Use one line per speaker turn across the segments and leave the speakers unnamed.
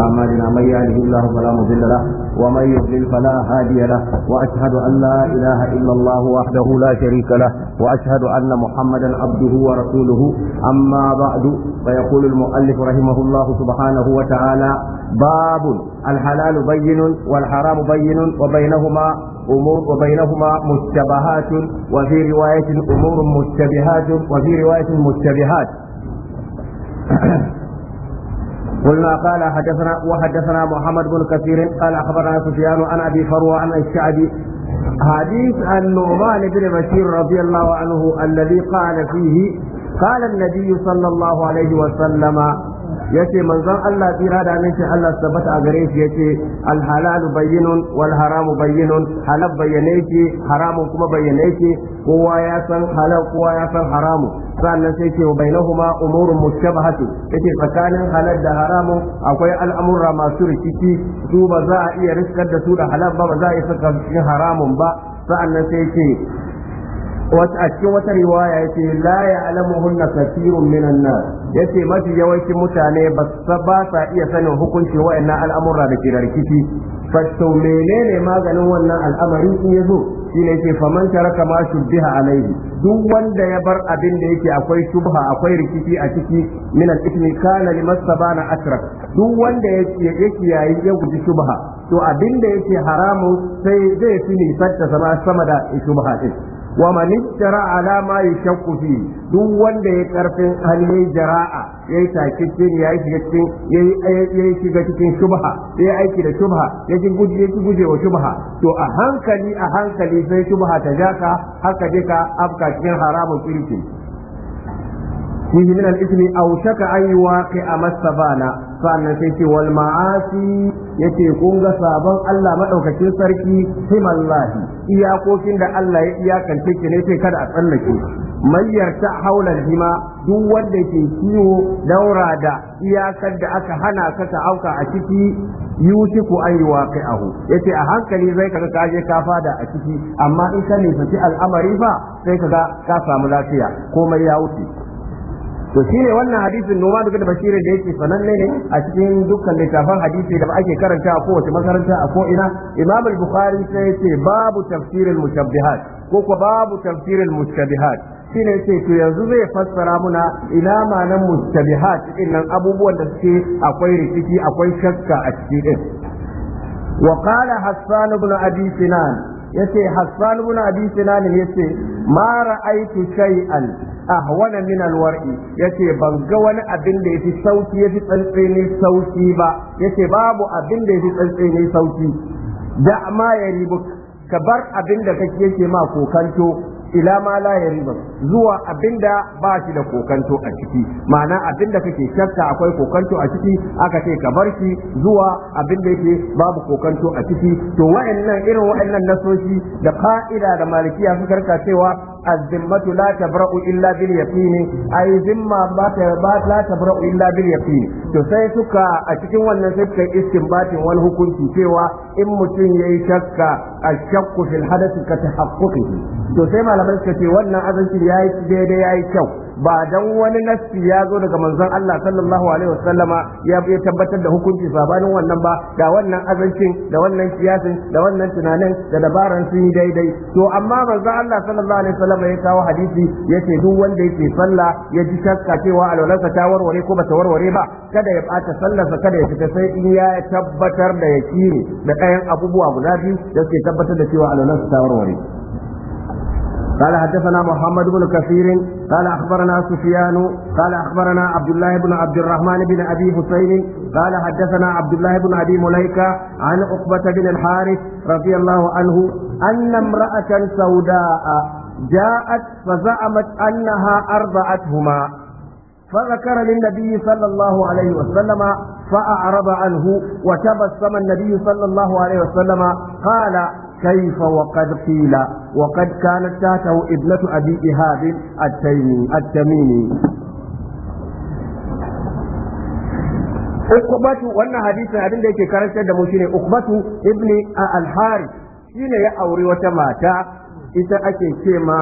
أعمالنا من يهده الله فلا مضل له ومن يضلل فلا هادي له وأشهد أن لا إله إلا الله وحده لا شريك له وأشهد أن محمدا عبده ورسوله أما بعد فيقول المؤلف رحمه الله سبحانه وتعالى باب الحلال بين والحرام بين وبينهما أمور وبينهما مشتبهات وفي رواية أمور مشتبهات وفي رواية مشتبهات قلنا قال حدثنا وحدثنا محمد بن كثير قال اخبرنا سفيان عن ابي فروه عن الشعبي حديث النعمان بن بشير رضي الله عنه الذي قال فيه قال النبي صلى الله عليه وسلم yace manzon Allah tsira da aminci Allah tabbata a gare shi yace al halal bayyinun wal haramu bayyinun halal bayyane shi haramun kuma bayyane shi kowa ya san halal kowa ya san haramu sannan sai ce bainahuma umurun mushabahati yace tsakanin halal da haramun akwai al'amurra masu rikici su ba za a iya riskar da su da halal ba ba za a iya saka haramun ba sa'annan sai ce a cikin wata riwaya yace la ya'lamuhunna kathirun minan nas yace mafi yawancin mutane ba ba sa iya sanin hukunci wa'annan al'amura da ke da rikici to menene maganin wannan al'amari in yazo shine yake faman taraka ma shubbiha alaihi duk wanda ya bar abin da yake akwai shubha akwai rikici a ciki min al-ithmi kana limasabana asrak duk wanda yake yayi ya guji shubha to abin da yake haramun sai zai fi nisan ta zama sama da shubha din wa man ishtara ala ma yashakku fi duk wanda ya karfin hali jara'a yayi takikin yayi shiga cikin yayi shiga cikin shubha yayi aiki da shubha yaji guje guje wa shubha to a hankali a hankali sai shubha ta jaka haka dika afka cikin haramun kirki fihi min al-ithmi aw shaka an yuwaqi'a na? sannan sai ce wal ma'asi yace kun ga sabon Allah madaukakin sarki himallahi iyakokin da Allah ya iyakance ki ne sai kada a tsallake mayyar ta haula hima duk wanda ke kiwo daura da iyakar da aka hana ka ta auka a ciki yusiku an yuwaqi'ahu yace a hankali zai kaga ka je ka fada a ciki amma in ka nisanci al'amari fa sai kaga ka samu lafiya komai ya wuce to ne wannan hadisin noma duka da bashirin da yake sananne ne a cikin dukkan littafan hadisi da ake karanta a kowace makaranta a koina ina imam al-bukhari sai yace babu tafsirin mutabbihat ko kuwa babu tafsirin tafsirul shi ne ce to yanzu zai fassara muna ina ma nan mustabihat din nan abubuwan da suke akwai rikici akwai shakka a cikin din وقال حسان بن أبي سنان yace Hassan ibn Abi Sinan yace ma ra'aytu shay'an ahwana min alwar'i yace ban ga wani abin da yafi sauki yafi tsantseni sauki ba yace babu abin da yafi tsantseni sauki da ma ya ka bar abin da kake yake ma kokanto ila ma la zuwa abinda ba shi da kokanto a ciki ma'ana abinda kake shakka akwai kokanto a ciki aka ce ka bar shi zuwa abinda yake babu kokanto a ciki to wa'annan irin wa'annan nasoshi da fa'ida da malikiya suka rika cewa az-zimmatu la tabra'u illa bil yaqin ai zimma ba ta ba la tabra'u illa bil yaqin to sai suka a cikin wannan sai suka istinbatin wani hukunci cewa in mutum yayi shakka ashakku fil hadath ka tahaqquqi to sai malamai suka ce wannan azanci yayi daidai yayi kyau ba dan wani nassi ya zo daga manzon Allah sallallahu alaihi wasallama ya tabbatar da hukunci sabanin wannan ba da wannan azancin da wannan siyasin da wannan tunanin da dabaran sun yi daidai to amma manzon Allah sallallahu alaihi wasallama ya kawo hadisi yace duk wanda yake sallah ya ji shakka cewa alwalarsa ta warware ko bata warware ba kada ya bata sallarsa kada ya fita sai in ya tabbatar da yakini da ɗayan abubuwa guda biyu da suke tabbatar da cewa alwalarsa ta warware قال حدثنا محمد بن كثير قال أخبرنا سفيان قال أخبرنا عبد الله بن عبد الرحمن بن أبي حسين قال حدثنا عبد الله بن أبي مليكة عن عقبة بن الحارث رضي الله عنه أن امرأة سوداء جاءت فزعمت أنها أرضعتهما فذكر للنبي صلى الله عليه وسلم فأعرض عنه وتبسم النبي صلى الله عليه وسلم قال كيف وقد قيل وقد كانت تاته ابنة أبي إهاب التميمي ukubatu wannan hadisin abin da yake karantar da mu shine ukubatu ibni al-harith shine ya auri wata mata ita ake ce ma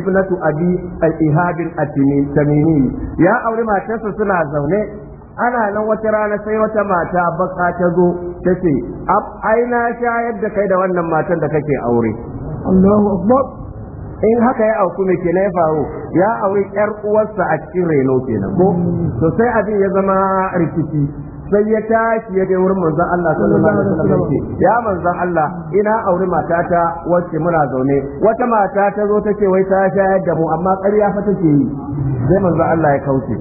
ibnatu abi al-ihab al-tamimi ya auri matarsa suna zaune ana nan wata rana sai wata mata baka ta zo ta ce ai na shayar da kai da wannan matan da kake aure Allahu akbar in haka ya auku me ke ya faru ya aure yar uwarsa a cikin reno kenan ko to sai abin ya zama rikici sai ya tashi ya je wurin manzon Allah sallallahu alaihi wasallam ce ya manzon Allah ina aure matata wacce muna zaune wata mata ta zo ta ce wai ta shayar da mu amma ƙarya fa take yi sai manzon Allah ya kauce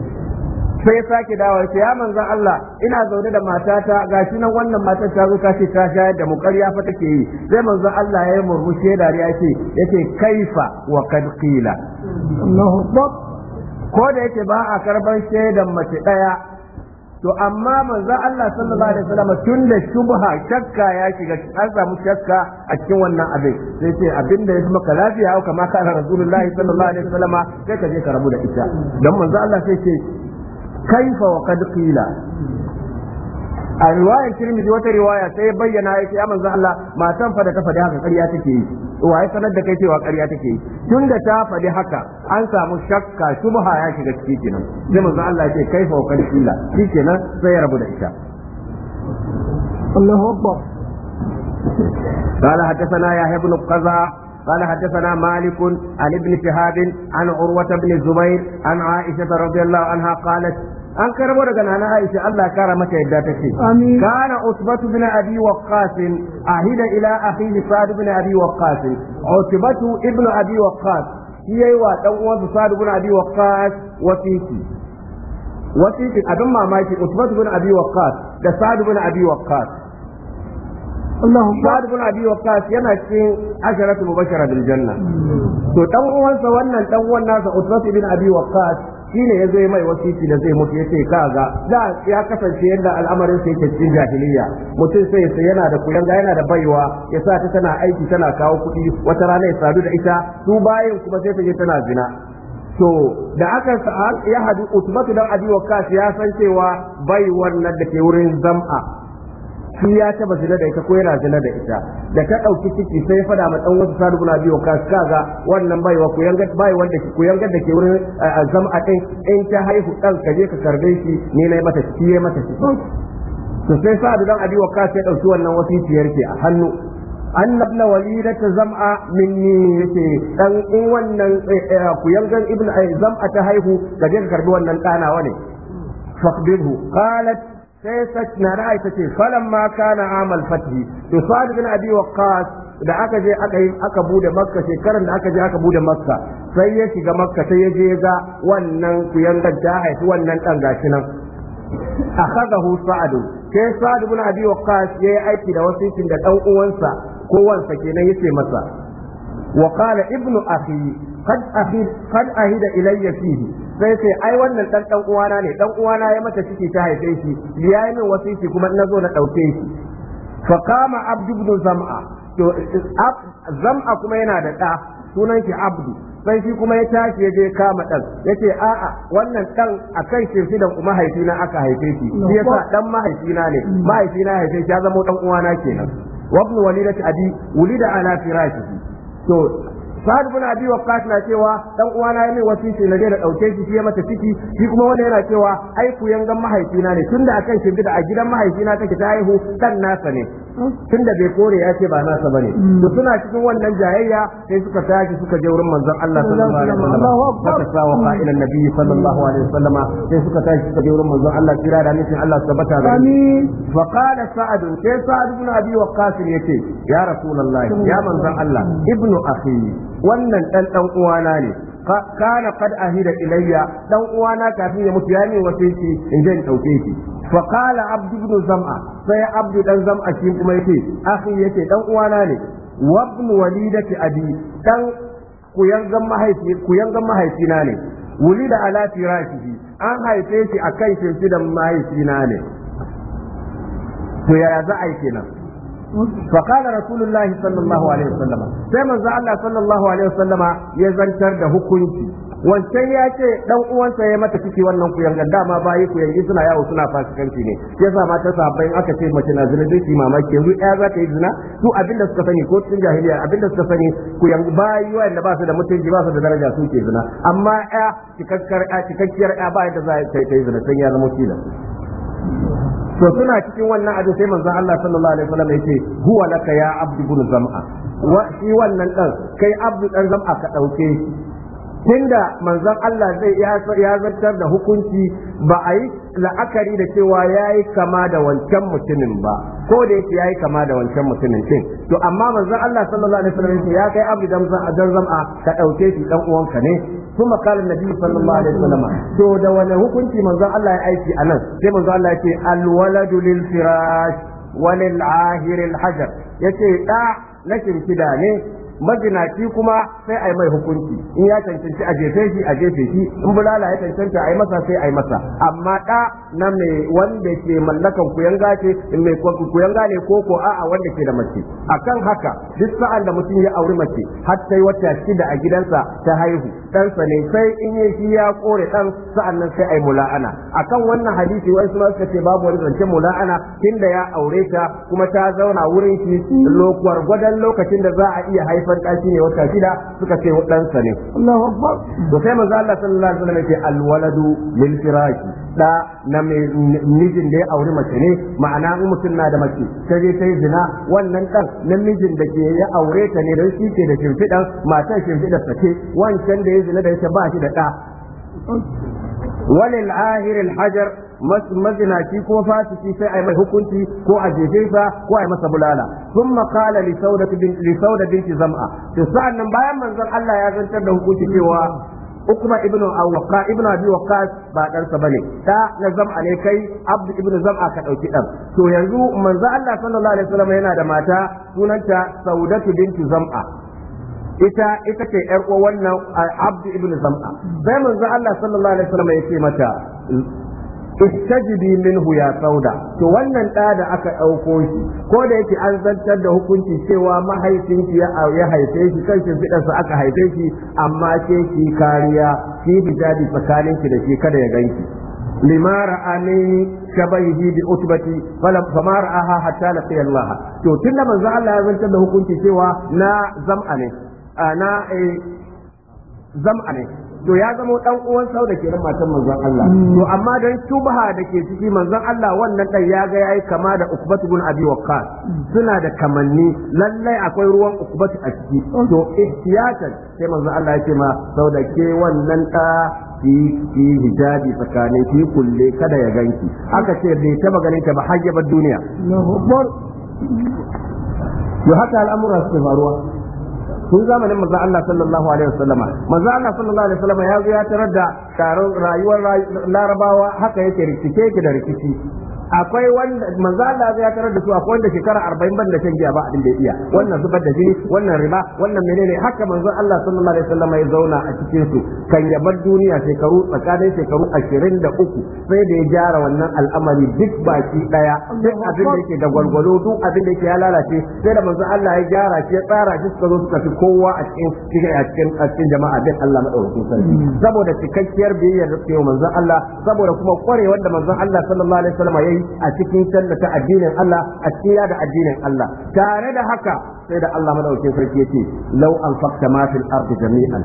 sai sake dawa ya ce ya manzon Allah ina zaune da matata gashi nan wannan matar ta zo ta ta shayar da mu ƙarya fa take yi sai manzon Allah ya yi murmushi riya ce yace kaifa wa kad qila Allahu akbar ko da yake ba a karban shaidan mace daya to amma manzon Allah sallallahu alaihi wasallam tun da shubha shakka ya shiga an samu shakka a cikin wannan abin sai ce abin da ya maka lafiya haka ma kana rasulullahi sallallahu alaihi wasallama sai ka je ka rabu da ita dan manzon Allah sai ce kaifa wa a riwayar tirmidhi wata riwaya sai bayyana ya ce ya manzo Allah matan fa da ta faɗi haka ƙarya take yi waye sanar da kai cewa ƙarya take yi tun da ta faɗi haka an samu shakka shubha ya shiga ciki kenan sai manzo Allah ya kaifa wa kad qila shikenan sai ya rabu da ita Allahu akbar قال حدثنا يحيى بن قزع قال حدثنا مالك عن ابن شهاب عن عروة بن الزبير عن عائشة رضي الله عنها قالت an karbo daga nana Aisha Allah kara mata yadda ta ce kana usbatu bin abi waqqas ahida ila akhihi sa'd bin abi waqqas usbatu ibnu abi waqqas yayi wa dan uwan sa'd bin abi waqqas wasiti wasiti abin mamaki usbatu bin abi waqqas da sa'd bin Sa'ad bin biyo Waqqas yana cikin asharatu mubashara bil janna. To dan uwansa wannan dan uwan nasa usmatu bin Abi Waqqas shine zai mai wasiki da zai mutu yace kaga da ya kasance yadda al'amarin sa yake cikin jahiliya mutum sai sai yana da kuyanga yana da baiwa ya sa ta tana aiki tana kawo kuɗi wata rana ya sadu da ita su bayan kuma sai ta tana zina to da aka ya hadu usmatu dan Abi Waqqas ya san cewa bai wannan da ke wurin zam'a shi ya taba zina da ita ko yana zina da ita da ta dauki ciki sai fada ma dan wasu sadu na biyo ka kaga wannan wa ku yanga bai wanda ku yanga da ke wurin azam eh, eh, a kai in ta haihu dan kaje ka karbe shi ne nayi mata ciki yayi mata ciki to sai sadu dan abi wakas ya dauki wannan wasiciyar ke a hannu annab na walida ta zam'a minni yake dan in wannan eh, ku yanga ibnu zam'a ta haihu kaje ka karbi wannan dana wane faqbirhu qalat sai na ra'ayi ta ce falan ma kana amal fathi to sa'ad bin abi waqqas da aka je aka yi aka bude makka shekaran da aka je aka bude makka sai ya shiga makka sai ya je ga wannan kuyangar ta haifi wannan dan gashi nan akhadahu sa'ad sai sa'ad bin abi waqqas ya yi aiki da wasitin da dan uwansa ko wansa kenan yace masa wa qala ibnu akhi قد akhi قد ahida ilayya fihi sai sai ai wannan dan dan uwana ne dan uwana ya mata ciki ta haife shi ya yi min wasiki kuma na zo na dauke shi fa kama abdu ibn zam'a to zam'a kuma yana da da sunan shi abdu sai shi kuma ya tashi ya je kama dan yace a'a wannan dan akan haife mahaifina aka haife shi shi yasa dan mahaifina ne mahaifina haife shi ya zama dan uwana kenan wa ibn walidati abi wulida ala firashi to sa'ad bin abi waqqas na cewa dan uwana ya mai wasiki na je da dauke shi ya mata ciki shi kuma wanda yana cewa ai ku yangan mahaifina ne tunda akan shi da a gidan mahaifina take ta haihu dan nasa ne tunda bai kore ya ce ba nasa bane to suna cikin wannan jayayya sai suka tashi suka je wurin manzon Allah sallallahu alaihi wasallam suka sawa qa'ila nabi sallallahu alaihi wasallama sai suka tashi suka je wurin manzon Allah kira da nufin Allah tabbata da amin fa qala sa'ad sai sa'ad bin abi waqqas yace ya rasulullahi ya manzon Allah ibnu akhi wannan ɗan ɗan uwana ne kana qad ahida ilayya dan uwana kafin ya mutu ya ne shi in je in dauke shi fa qala abd ibn zam'a sai abd dan zam'a shi kuma yake akhi yake dan uwana ne wa ibn walidati abi dan kuyangan mahaifi mahaifi mahaifina ne wulida ala firashihi an haife shi akan mahaifi mahaifina ne to yaya za a yi kenan فقال رسول الله صلى الله عليه وسلم zantar da صلى الله عليه وسلم حكمتي wancan ya ce dan uwansa ya mata ciki wannan ku yanga dama bayi ku yanki suna yawo suna fasikanci ne yasa mata sahabbai aka ce mace na zina zai mamaki yanzu ya za ta yi zina su abinda suka sani ko cikin jahiliya abinda suka sani ku yanki bayi wanda ba su da mutunci ba su da daraja su ke zina amma ya cikakkiyar ya ba da za ta yi zina sai ya zama kila to suna cikin wannan abin sai manzon Allah sallallahu alaihi wasallam yace huwa laka ya abdu bin zam'a wa shi wannan dan kai abdu dan zam'a ka dauke tunda manzon Allah zai ya zartar da hukunci ba a yi la'akari da cewa yayi kama da wancan mutumin ba ko da yake yayi kama da wancan mutumin din to amma manzon Allah sallallahu alaihi wasallam ya kai abu da a ka dauke shi dan uwanka ne kuma kala nabi sallallahu alaihi wasallam to da wani hukunci manzon Allah ya aiki anan sai manzon Allah ya ce al waladu lil firash walil ahir al hajar yace da na kirkida ne Majinaci kuma sai a yi mai hukunci in ya cancanci a jefe shi a jefe shi in bulala ya cancanta a yi masa sai a yi masa amma da na mai wanda ke mallakan kuyanga ce mai kuyanga ne ko ko a'a wanda ke da mace akan haka duk sa'an da mutum ya auri mace har sai wata shida a gidansa ta haihu ɗansa ne sai in ya shi ya kore ɗan sa'an nan sai a yi mula'ana akan wannan hadisi wani suna suka ce babu wani zance mula'ana tunda ya aure ta kuma ta zauna wurin shi lokuwar gwadan lokacin da za a iya haihu haifar da shi ne wata shida suka ce ɗansa ne Allahu akbar to sai manzo Allah sallallahu alaihi wasallam alwaladu lil firaki da na mijin da ya auri mace ne ma'ana in mutum na da mace ta je ta yi zina wannan dan namijin da ke ya aure ta ne don shi ke da shimfiɗan matan shimfiɗar ta ce wancan da ya zina da ya ba shi da ɗa walil ahir al hajar mazinaci ko fasiki sai ai mai hukunci ko a jefe sa ko ai masa bulala sun makala li sauda bin binti zam'a to sa'annan bayan manzon Allah ya zantar da hukunci cewa Ukma ibn Awqa ibn Abi Waqqas ba sa bane da na zam'a ne kai Abdu ibn Zam'a ka dauki dan to yanzu manzo Allah sallallahu alaihi wasallam yana da mata sunanta Saudatu binti Zam'a ita ita ce ƴar uwa wannan abdu ibn zam'a sai manzo Allah sallallahu alaihi wasallam ya ce mata istajibi minhu ya sauda to wannan da da aka dauko shi ko da yake an zantar da hukunci cewa mahaifinki ya ya haife shi fidan fidansa aka haife shi amma ke shi kariya ki bijadi ki da shi kada ya ganki lima ra'ani shabahihi bi utbati fama ra'aha hatta laqiya Allah to tunda manzo Allah ya zantar da hukunci cewa na zam'a ne Ah, na eh, zam'a ne to ya zama dan uwan sau da kenan matan manzon Allah hmm. to amma dan shubha da ke ciki manzon Allah wannan dan ya ga yayi kama da Ukbat ibn Abi Waqqas suna da kamanni lallai akwai ruwan Ukbat a ciki to ihtiyatan sai manzon Allah ya ce ma sau da ke wannan da ki hijabi tsakanin ki kulle kada ya ganki aka ce bai taba ganin ta ba hajjabar duniya to haka al'amura suke faruwa tun zamanin maza Allah sallallahu alaihi wasallama maza Allah sallallahu alaihi wasallama ya zo ya tarar da taron rayuwar larabawa haka yake rikice yake da rikici akwai wanda manzo Allah ya tarar da su akwai wanda shekara 40 ban da shan giya ba abin da iya wannan zubar da jini wannan riba wannan menene haka manzo Allah sallallahu alaihi wasallam ya zauna a cikin su kan bar duniya shekaru tsakanin shekaru 23 sai da ya gyara wannan al'amari duk baki daya duk abin da yake da gwalgwalo duk abin da yake ya lalace sai da manzo Allah ya gyara shi ya tsara shi suka zo suka fi kowa a cikin a cikin a cikin jama'a bin Allah madaukakin sarki mm. saboda cikakkiyar biyayya da manzo Allah saboda kuma kwarewar da manzo Allah sallallahu alaihi wasallam ya yi a cikin tallata addinin Allah a cikin da addinin Allah tare da haka sai da Allah madaukakin sarki yace law anfaqta ma fil ardi jami'an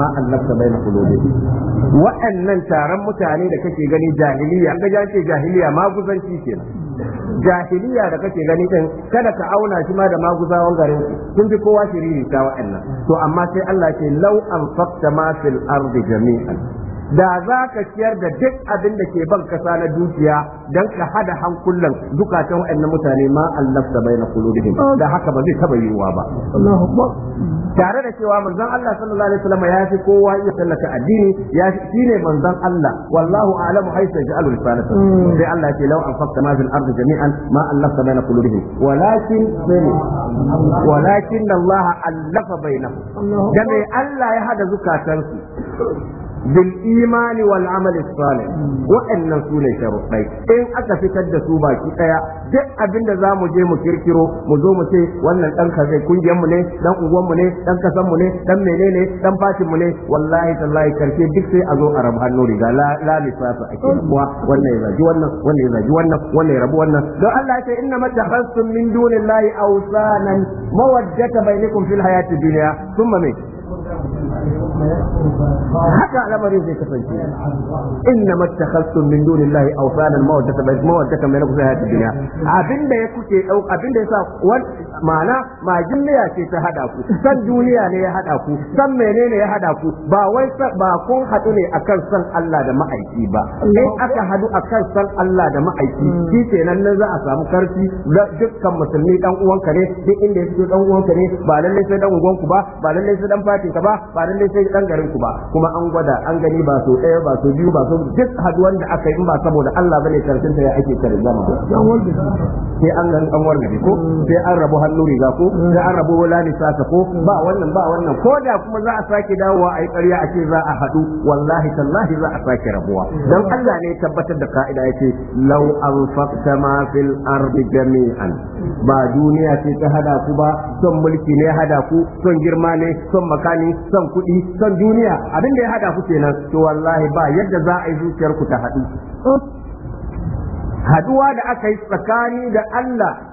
ma allafta baina qulubi wa'annan taron mutane da kake gani jahiliya ga jace jahiliya ma guzanci kenan jahiliya da kake gani din kada ka auna shi ma da maguzawan garin kun fi kowa shiriri ta wa'annan to amma sai Allah ce law anfaqta ma fil ardi jami'an da za ka ciyar da duk abin da ke ban kasa na dukiya don ka hada hankulan dukatan wa'annan mutane ma Allah da bai na kulubihim da haka ba zai taba yiwuwa ba tare da cewa manzon Allah sallallahu alaihi wasallam ya fi kowa iya sallata addini ya fi ne manzon Allah wallahu a'lamu haythu ja'alu risalata hmm. sai Allah ce law anfaqta ma fil ardi jami'an ma allafta baina qulubihim walakin walakin Allah allafa bainahum dan Allah ya hada zukatansu bil imani wal amali salih wa'annan su ne sharuɗai in aka fitar da su baki daya duk abinda za mu je mu kirkiro mu zo mu ce wannan dan kazai kungiyar mu ne dan uwan mu ne dan kasan mu ne dan menene dan fatin mu ne wallahi tallahi karshe duk sai a zo a rabu hannu riga la lissafa ake kuwa wannan ya zaji wannan ya zaji wannan wannan ya rabu wannan Allah ya inna matakhasum min dunillahi awsanan mawaddata bainakum fil bainikun dunya duniya min haka al'amarin zai kasance inna mattakhastum min dunillahi awsanan mawaddata mawaddata mai nafsi hayatid dunya abinda ya kuke dau abinda yasa ma majinniya ce ta hada ku san duniya ne ya hada ku san menene ya hada ku ba wai ba kun hadu ne akan san Allah da ma'aiki ba in aka hadu akan san Allah da ma'aiki shi kenan nan za a samu karfi dukkan musulmi dan uwanka ne duk inda ya dan dan uwanka ne ba lalle sai dan ku ba ba lalle sai dan fatin ka ba ba lalle sai dan garin ku ba kuma kuma an gwada an gani ba so ɗaya ba so biyu ba so duk haduwan da aka yi in ba saboda Allah bane karshen ta ya ake karin zama sai an gani an ko sai an rabu hannu riga ko sai an rabu wala ne saka ko ba wannan ba wannan ko da kuma za a sake dawowa ayi yi ƙarya a ce za a haɗu wallahi tallahi za a sake rabuwa dan Allah ne tabbatar da ka'ida yace law anfaqta ma fil ardi jami'an ba duniya ce ta hada ku ba son mulki ne hada ku son girma ne son makani son kuɗi son duniya abin da ya hada ku kenan to wallahi ba yadda za a yi zuciyar ku ta haɗu haduwa da aka yi tsakani da Allah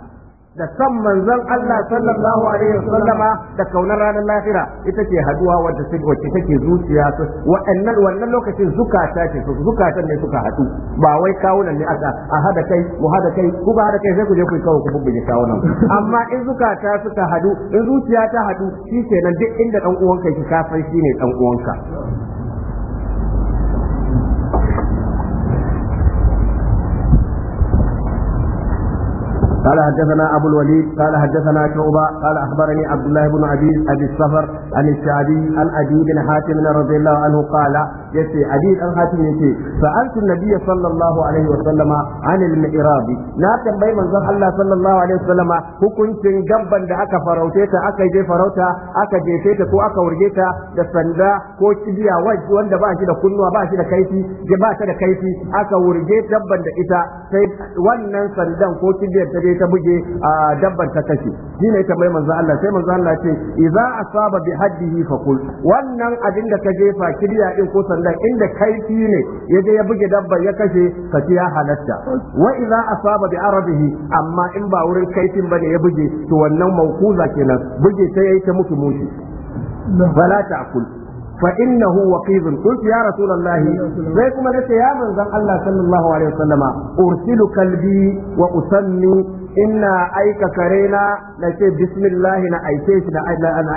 da san manzon Allah sallallahu alaihi wasallam da kaunar ranar lahira ita ce haduwa take wacce take zuciya su wa'annan wannan lokacin zukata ce zukatan ne suka hadu ba wai kawunan ne aka a hada kai mu hada kai ku ba hada kai sai ku je ku kawo ku bubbuge kawunan amma in zukata suka haɗu in zuciya ta haɗu shi kenan duk inda dan uwanka ki kafin shi dan uwanka قال حدثنا أبو الوليد قال حدثنا شعبة قال أخبرني عبد الله بن عبيد أبي السفر عن الشعبي عن أبي بن حاتم رضي الله عنه قال يتي أبي بن حاتم يتي سألت النبي صلى الله عليه وسلم عن المئراب لا تنبي من زر الله صلى الله عليه وسلم هكون تنقبا دعك فروتيتا أكا جي فروتا أكا جيتيتا كو أكا ورجيتا دسندا كو تجيا وجه واندا باشي دا كنوا باشي دا كيفي جباشي دا كيفي أكا ورجيتا بندا إتا wannan sandan ko kibiyar ta dai sai ta buge a dabbar ta kashe shi ne ta mai manzo Allah sai manzo Allah ce idza asaba bi haddihi faqul wannan abin da ka jefa kidiya din ko sandan inda kaifi ne ya je ya buge dabban ya kashe ka ce ya halatta wa idza asaba bi arabihi amma in ba wurin kaifin bane ya buge to wannan maukuza kenan buge sai yayi ta mutu mushi fala ta'kul فإنه وقيض قلت يا رسول الله زيكم أنت يا من زن الله صلى الله عليه وسلم أرسل كلبي وأسمي ina aika kare na na ce bismillah na aike shi na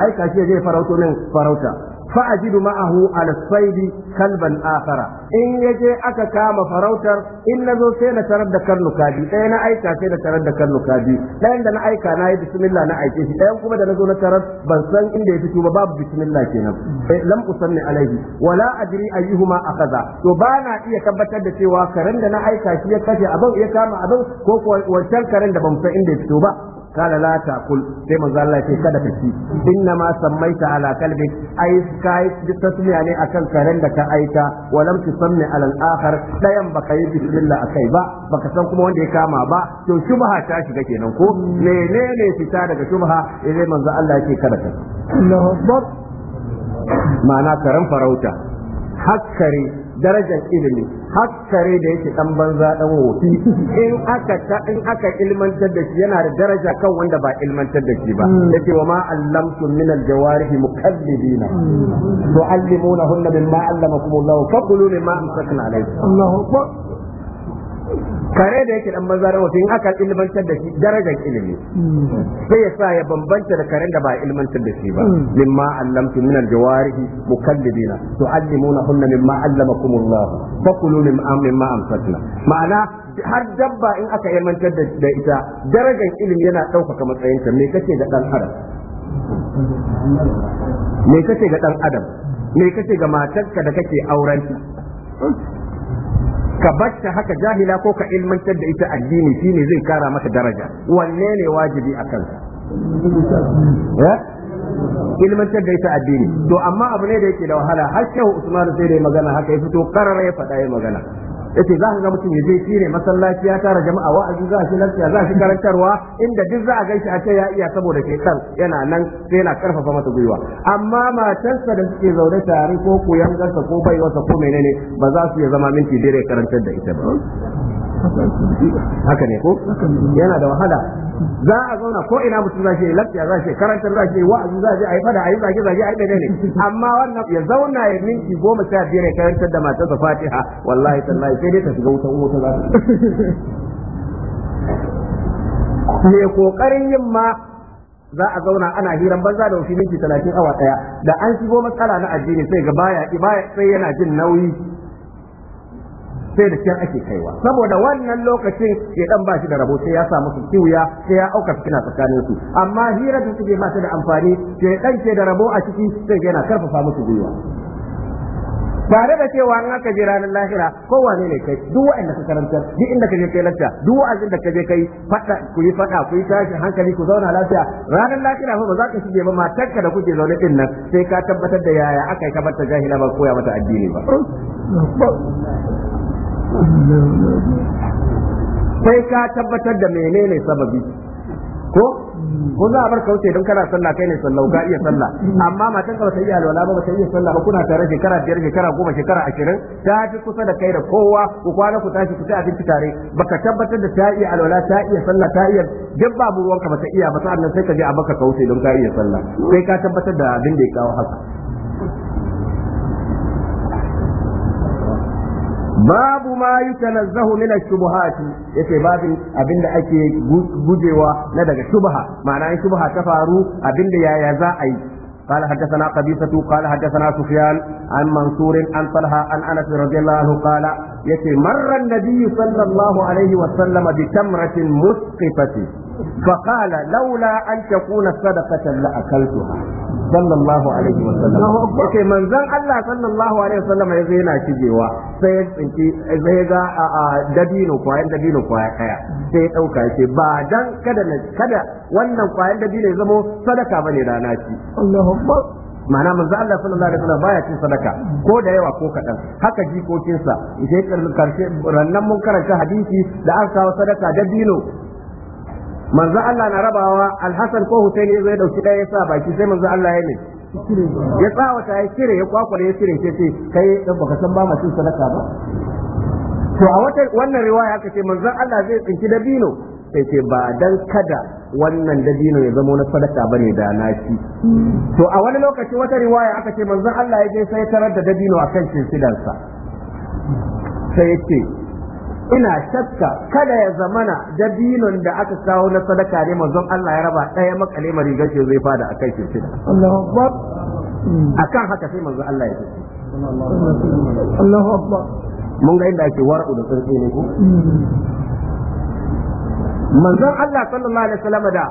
aika shi zai farauto min farauta fa ajidu ma'ahu ala saidi kalban akhara in ya je aka kama farautar in nazo sai na tarar da karnuka biyu ɗaya na aika sai na tarar da karnuka biyu ɗayan da na aika na yi bismillah na aike shi ɗayan kuma da nazo na tarar ban san inda ya fito ba babu bismillah kenan eh, lam usanni alaihi wala a jiri ma a akaza to ba na iya tabbatar da cewa karen da na aika shi ya kashe abin ya kama abin ko wancan karen da ban san inda ya fito ba kala lalata takul sai manzo Allah ce kada ka ci inna ma sammaita ala kalbi ai kai tasmiya ne kan karen da ka aita walam tusammi ala al-akhar baka yi a kai ba baka san kuma wanda ya kama ba to shubha ta shiga kenan ko menene fita daga shubha eh, idan manzo Allah yake kada ka Allahu akbar ma'ana karen farauta hakkare darajar ilimi kare da yake dan banza dan wofi in aka ta in aka ilmantar da shi yana da daraja kan wanda ba ilmantar da shi ba hmm. yake wa ma allamtum hmm. min aljawarih mukallibin tuallimunahunna mimma allamakumullahu faqulu mimma amsakna alaykum Allahu akbar kare da yake dan maza da wato in aka ilmantar da shi darajar ilimi sai ya sa ya bambanta da karen da ba ilmantar da shi ba mimma allamtu min aljawarihi mukallibina tu'allimuna hunna mimma allamakumullah fakulu amma amsakna ma'ana har dabba in aka ilmantar da ita darajar ilimi yana ɗaukaka matsayinta me kace ga dan adam me kace ga dan adam me kace ga matarka da kake aurenta ka bacta haka jahila ko ka ilmantar da ita addini shi ne zai kara maka daraja wanne ne wajibi a kanka eh? ilmantar da ita addini to amma abu ne da yake da wahala har shehu usman sai da magana haka ya fito karara ya faɗa ya magana yace za ka ga mutum ya je shine masallaci ya tara jama'a azu za shi lafiya za shi karantarwa inda duk za a ganshi a ce ya iya saboda ke shaitan yana nan sai yana karfafa mata gwiwa amma matarsa da suke zaune tare ko kuyangarsa ko baiwarsa ko menene ba za su ya zama minti dare karantar da ita ba haka ne ko yana da wahala za a zauna ko ina mutum za shi lafiya za shi karantar za shi wa'azi za shi a yi fada a yi zage zage a yi menene amma wannan ya zauna ya minti goma sha biyar ya karantar da matarsa fatiha wallahi tallahi sai dai ta shiga wuta wuta za ta me kokarin yin ma za a zauna ana hiran banza da wasu minti talatin awa ɗaya, da an shigo matsala na addini sai ga baya sai yana jin nauyi sai da kyan ake kaiwa saboda wannan lokacin dan ba shi da rabo sai ya samu su kiwuya sai ya auka kina tsakanin su amma hirar da suke ba su da amfani dan ke da rabo a ciki sai yana karfafa musu gwiwa tare da cewa an aka je ranar lahira wane ne kai duk wanda ka karantar duk inda ka je kai lafiya duk wa'azin da ka je kai fada ku yi fada ku yi tashi hankali ku zauna lafiya ranar lahira fa ba za ka shige ba matarka da kuke zaune din nan sai ka tabbatar da yaya aka yi kamar ta jahila ba koya mata addini ba sai ka tabbatar da menene sababi ko ko za a bar ka wuce don kana sallah kai ne sallah ka iya sallah amma matan ka ba ta iya alwala ba ba ta iya sallah ba kuna tare shekara biyar shekara goma shekara ashirin ta fi kusa da kai da kowa ku kwana ku tashi ku ci abinci tare baka tabbatar da ta iya alwala ta iya sallah ta iya duk babu ruwanka ba ta iya ba sa'an nan sai ka je a baka ka wuce don ka iya sallah sai ka tabbatar da abin da ya kawo haka babu ma yutanazzahu min ash-shubuhati yace babin abinda ake gujewa na daga shubha ma'ana in shubha ta faru abinda yaya za a yi قال حدثنا قبيصة قال حدثنا سفيان عن منصور عن طلحة عن أنس رضي الله عنه قال يتي النبي صلى الله عليه وسلم بتمرة مسقطة فقال لولا أن تكون صدقة لأكلتها صلى الله عليه وسلم اوكي من زن الله صلى الله عليه وسلم ya zai yana shigewa sai ya tsinci zai ga dabino kwayan dabino kwaya kaya sai ya dauka ya ba dan kada kada wannan kwayan dabino ya zamo sadaka bane rana ci Allahu Akbar ma'ana manzo Allah sallallahu alaihi wasallam baya cin sadaka ko da yawa ko kadan haka jikokinsa sai karshe rannan mun karanta hadisi da an kawo sadaka da dino manzo Allah na rabawa alhassan ko Hussein yazo ya dauki ɗaya yasa sa baki sai manzo Allah ya ne ya tsawata ya kire ya kwakwale ya cire ke ce kai dan baka san ba cin sadaka ba to a wata wannan riwaya aka ce manzo Allah zai tsinki dabino sai ce ba dan kada wannan dabino ya zama na sadaka bane da na shi to a wani lokaci wata riwaya aka ce manzo Allah ya je sai tarar da dabino akan sidansa sai ya ce ina shakka kada ya zamana da dabinon da aka kawo na sadaka ne manzon Allah ya raba ɗaya makale mari rigar zai fada akan shi shida Allahu akbar akan haka sai manzon Allah ya ce Allahu akbar mun ga inda ake war'u da sarki ne ko mm. manzon Allah sallallahu alaihi wasallam da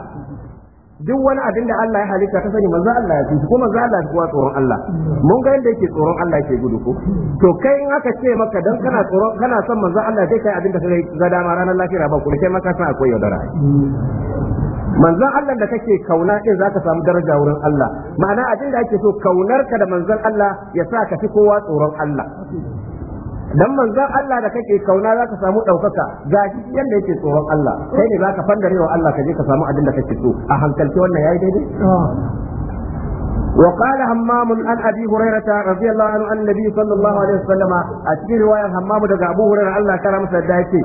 duk wani abin da Allah ya halitta ta sani manzo Allah ya fi ko manzo Allah ya kuwa tsoron Allah mun ga yadda yake tsoron Allah yake gudu ko to kai in aka ce maka dan kana tsoron kana son manzo Allah dai kai abin da kai ga dama ranar lafiya ba ku kai maka san akwai yaudara manzon Allah da kake kauna din zaka samu daraja wurin Allah ma'ana abin da ake so kaunar ka da manzon Allah ya sa ka fi kowa tsoron Allah dan manzon Allah da kake kauna zaka samu ɗaukaka ga shi yanda yake tsoron Allah sai ne za ka zaka wa Allah ka je ka samu abin da kake so a hankalci wannan yayi daidai oh. وقال همام عن ابي هريره رضي الله عنه عن النبي صلى الله عليه وسلم اتي روايه همام دغ ابو هريره الله كرم سدايتي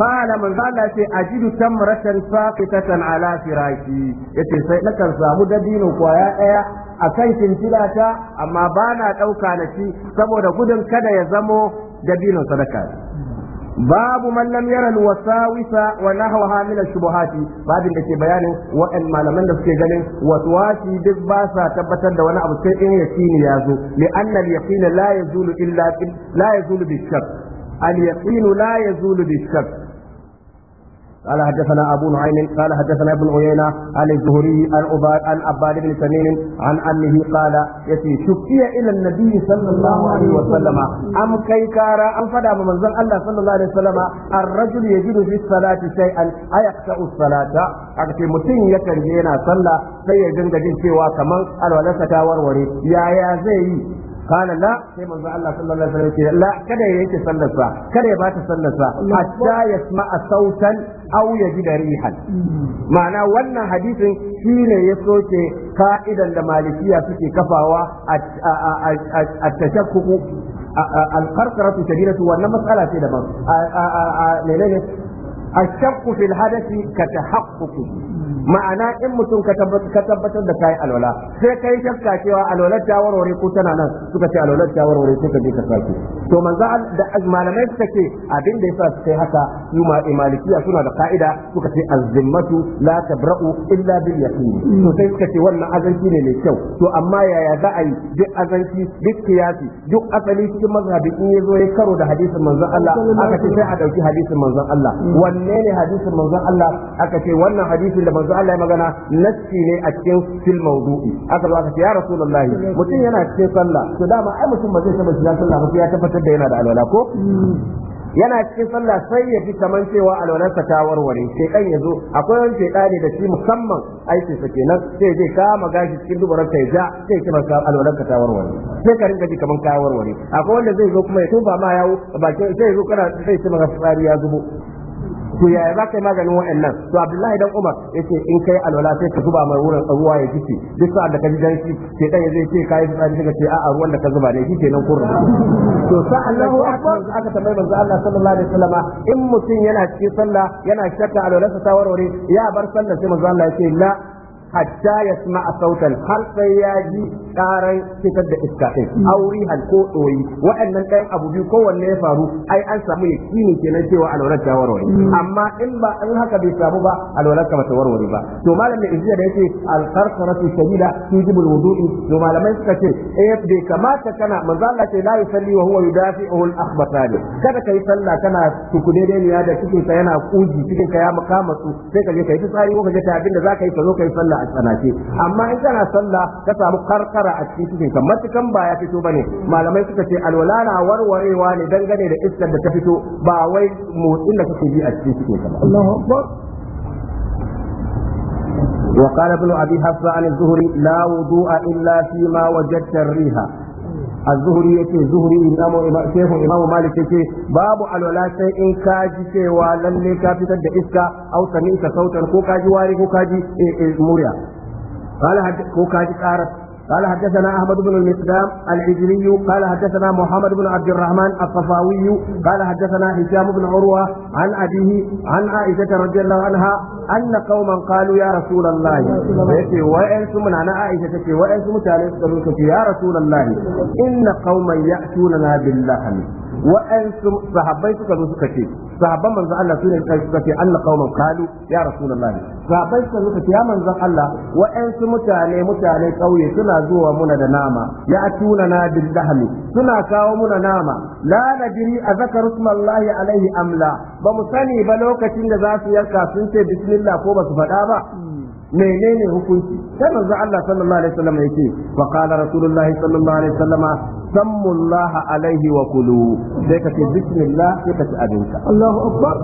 قال من قال سي اجد تمره ساقطه على فراشي yace sai nakan samu dabino kwaya daya a kan shimfilata amma ba na ɗauka na ci saboda gudun kada ya zamo dabino sadaka babu man lam yara alwasawisa wa nahwaha min ashubahati babin da ke bayanin wa'an malaman da suke ganin waswasi duk ba sa tabbatar da wani abu sai in yaqini ya zo li anna al-yaqina la yazulu illa la yazulu bi-shakk al-yaqinu la yazulu bi-shakk قال حدثنا أبو نعيم قال حدثنا ابن عيينة عن الزهري عن عباد عن عباد بن تميم عن أمه قال يتي شفي إلى النبي صلى الله عليه وسلم أم كي كارا أم فدا من الله صلى الله عليه وسلم الرجل يجد في الصلاة شيئا أيقطع الصلاة أكتي متين يكن ينا صلى sai ya dinga jin cewa kamar alwalarsa ta warware yaya zai yi qala la sai manzo Allah sallallahu alaihi wasallam ce la kada ya yake sa, kada ya bata sallarsa hatta yasma'a sautan aw yajida rihan ma'ana wannan hadisin shine ya soke ka'idan da malikiya suke kafawa a tashakkuku al-qarqaratu shadidatu wannan mas'ala ce daban ne. الشك في الحدث كتحقق ma'ana in mutum ka tabbatar da kayi alwala sai kai shakka cewa alwalar ta warware ko tana nan suka ce alwalar ta warware sai ka je ka sake to manzo da malamai suka ce abin da yasa sai haka yuma malikiya suna da ka'ida suka ce azzimmatu la illa bil yaqin to sai suka ce wannan azanci ne mai kyau to amma yaya za a yi duk azanci duk kiyasi duk asali cikin mazhabi in zo ya karo da hadisin manzon Allah aka ce sai a dauki hadisin manzon Allah menene hadisin manzon Allah aka ce wannan hadisin da manzon Allah ya magana nassi ne a cikin fil mawdu'i aka zo aka ce ya rasulullahi mutum yana cikin sallah to dama ai mutum ba zai taba shiga sallah ba ya tabbatar da yana da alwala ko yana cikin sallah sai ya fi kaman cewa alwalarsa ta warware sai kan zo. akwai wani ne da shi musamman aikin sa kenan sai zai kama gashi cikin dubaran kai ja sai ce masa alwalarka ta warware sai ka rinka ji kaman ka warware akwai wanda zai zo kuma ya tuba ma yawo bakin sai zo kana sai ce maka fitsari ya zubo to yaya za ka yi maganin waɗannan to abdullahi dan umar ce in kai alwala sai ka zuba mai wurin ruwa ya kici duk sa da ka ji danshi sai dan zai ce ka yi sai ka ce a'a ruwan da ka zuba ne shi kenan kurra to sa'an nan aka tambaye manzo Allah sallallahu alaihi wasallama in mutum yana cikin sallah yana shakka alwalarsa ta warware ya bar sallah sai manzo Allah yace la hatta yasma'a sautan har sai ya ji karan fitar da iska din auri hal ko doyi waɗannan ɗayan abu biyu kowanne ya faru ai an samu yakini kenan cewa alwalar ta warware amma in ba an haka bai samu ba alwalar ka bata warware ba to malam da izziya da yake al-qarqaratu shadida tujibu al-wudu'i to malamai suka ce eh bai kamata kana manzo Allah ce la yusalli wa huwa yudafi'u al-akhbatani kada kai sallah kana tukune da da cikin yana kuji cikin ka ya makama su sai ka je kai tsari ko ka je ta abinda zaka yi ka zo kai sallah a tsanace amma in kana sallah ka samu karkara a cikin cikin ka matukan ba ya fito bane malamai suka ce alwala na warwarewa ne dangane da iskar da ta fito ba wai motsin da kake bi a cikin cikin ka Allahu Akbar وقال ابن ابي حفص عن الزهري لا وضوء الا فيما وجدت az-zuhri yace zuhri imamu shehu imamu malik yace babu alwala sai in kaji cewa lalle ta fitar da iska au sami'ta sautan ko kaji wari ko kaji eh, eh, murya ko kaji قارت قال حدثنا احمد بن المقدام العجلي قال حدثنا محمد بن عبد الرحمن الصفاوي قال حدثنا هشام بن عروه عن ابيه عن عائشه رضي الله عنها ان قوما قالوا يا رسول الله يتي وانس من عن عائشه تتي وانس متالي يا رسول الله ان قوما ياتوننا باللحم wa'ansu sahabbai suka zo suka ce sahabban manzon Allah su ne suka ce Allah qauman qalu ya rasulullahi sahabbai suka zo suka ce ya manzon Allah wa'ansu mutane mutane kauye suna zuwa muna da nama ya atuna na bil suna kawo muna nama la nadri azkaru smallahi alaihi amla ba mu sani ba lokacin da za su yarka sun ce bismillah ko ba su faɗa ba menene hukunci sai manzo Allah sallallahu alaihi wasallam yake wa qala rasulullahi sallallahu alaihi wasallam sammullaha alaihi wa kulu sai ka ce bismillah sai ka ci abinka Allahu akbar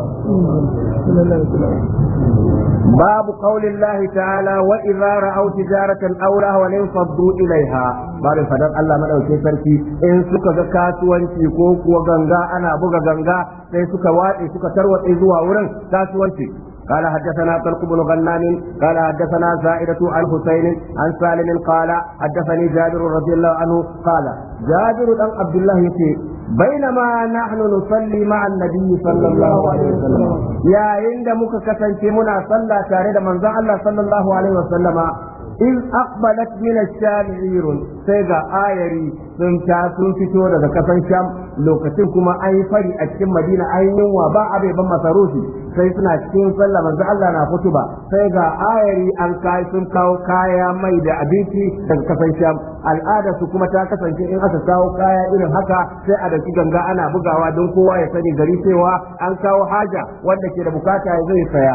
babu qaulillahi ta'ala wa idza ra'aw tijaratan aw lahwan faddu ilaiha babu fadan Allah madauke sarki in suka ga kasuwanci ko kuwa ganga ana buga ganga sai suka watse suka tarwatse zuwa wurin kasuwanci قال حدثنا طلق بن غنام قال حدثنا زائدة عن حسين عن سالم قال حدثني جابر رضي الله عنه قال جابر بن عبد الله يتي بينما نحن نصلي مع النبي صلى الله عليه وسلم يا عند مكة منا صلى تارد من الله صلى الله عليه وسلم in aqbalat min ash-sham sai ga ayari sun ta sun fito daga kasan sham lokacin kuma an yi fari a cikin madina an yi yunwa ba abai ban masarufi sai suna cikin sallah manzo Allah na kutuba sai ga ayari an kai sun kawo kaya mai da abinci daga kasan sham al'ada su kuma ta kasance in aka kawo kaya irin haka sai a dace ganga ana bugawa don kowa ya sani gari cewa an kawo haja wanda ke da bukata ya zai saya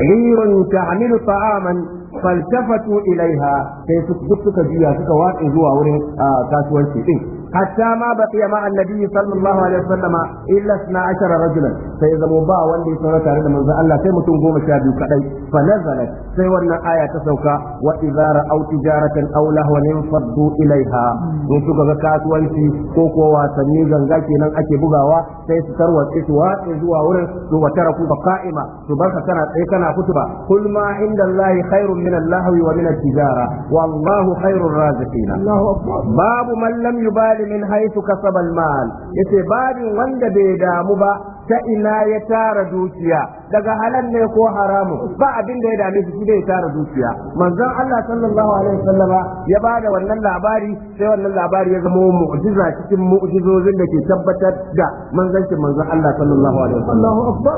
riyun ta'milu ta'aman faltafatu ilaiha sai su duk suka juya suka watsa zuwa wurin ah, kasuwanci din حتى ما بقي مع النبي صلى الله عليه وسلم إلا 12 رجلا فإذا مبا وندي سورة رد من الله سيما تنقوم شابي كأي فنزلت سيورنا آية تسوكا وإذا رأوا تجارة أو لهوا انفضوا إليها نسوك غكات وانسي كوكو واسمي غنغاكي نن أكي بغاوا سيستر واسوا إزوا ورن وتركوا قائمة تبارك كانت أي كان كتبا كل ما عند الله خير من اللهو ومن التجارة والله خير الرازقين الله أكبر باب من لم يبالي mali min haythu kasaba al-mal yace babin wanda bai damu ba ta ina ya tara dukiya daga halal ne ko haramu ba abin da ya dame shi da ya tara dukiya manzon Allah sallallahu alaihi wasallama ya bada wannan labari sai wannan labari ya zama mu'jiza cikin mu'jizozin da ke tabbatar da manzancin manzon Allah sallallahu alaihi wasallam Allahu akbar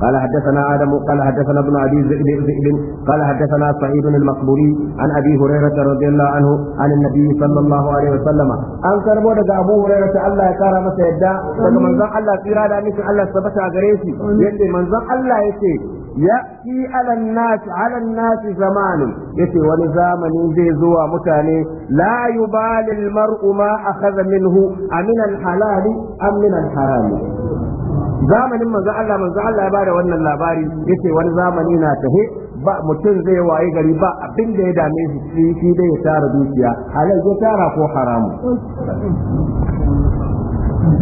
قال حدثنا آدم قال حدثنا ابن أبي ذئب قال حدثنا سعيد المقبوري عن أبي هريرة رضي الله عنه عن النبي صلى الله عليه وسلم أن كربو دقى أبو هريرة الله يكارى مسا يدى دقى منظم الله سيرا لأنك الله سبت أغريسي يدى منظم الله يسي يأتي على الناس على الناس زمان يسي ولزامن زي زوى متاني لا يبالي المرء ما أخذ منه أمن الحلال أم من الحرام zamanin manzo Allah manzo Allah ya bada wannan labari yace wani zamani na tahe ba mutum zai waye gari ba abin da ya dame shi shi dai ya tara dukiya halal ya tara ko haramu